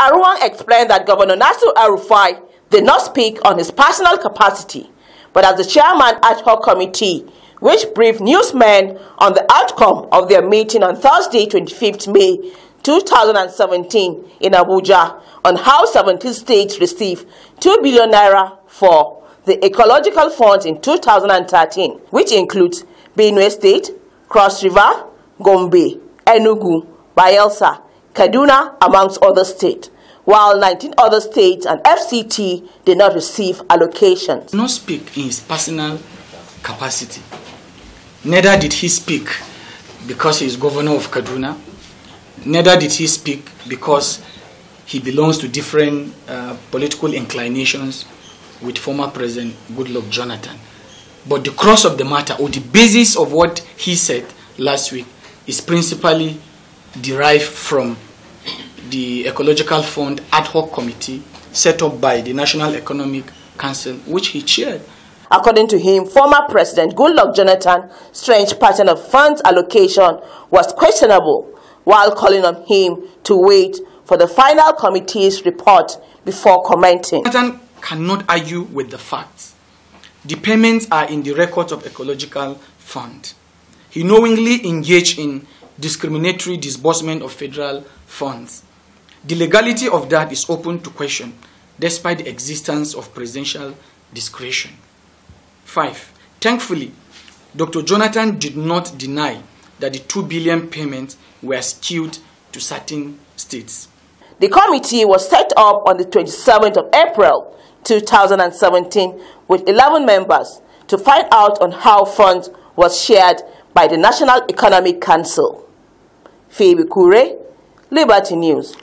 Aruan explained that Governor Nasir Arufai did not speak on his personal capacity, but as the chairman ad hoc committee, which briefed newsmen on the outcome of their meeting on Thursday, 25th May 2017 in Abuja on how 17 states received 2 billion naira for the ecological fund in 2013, which includes Benue State, Cross River, Gombe, Enugu, Bayelsa, Kaduna, amongst other states, while 19 other states and FCT did not receive allocations. No speak in his personal capacity. Neither did he speak because he is governor of Kaduna. Neither did he speak because he belongs to different uh, political inclinations with former President Goodluck Jonathan. But the cross of the matter, or the basis of what he said last week, is principally derived from the Ecological Fund ad hoc committee set up by the National Economic Council, which he chaired. According to him, former President Goodluck Jonathan strange pattern of funds allocation was questionable while calling on him to wait for the final committee's report before commenting. Jonathan cannot argue with the facts. The payments are in the records of Ecological Fund. He knowingly engaged in discriminatory disbursement of federal funds. The legality of that is open to question, despite the existence of presidential discretion. 5. Thankfully, Dr. Jonathan did not deny that the 2 billion payments were skewed to certain states. The committee was set up on the 27th of April 2017 with 11 members to find out on how funds was shared by the National Economic Council. Phoebe Kure, Liberty News.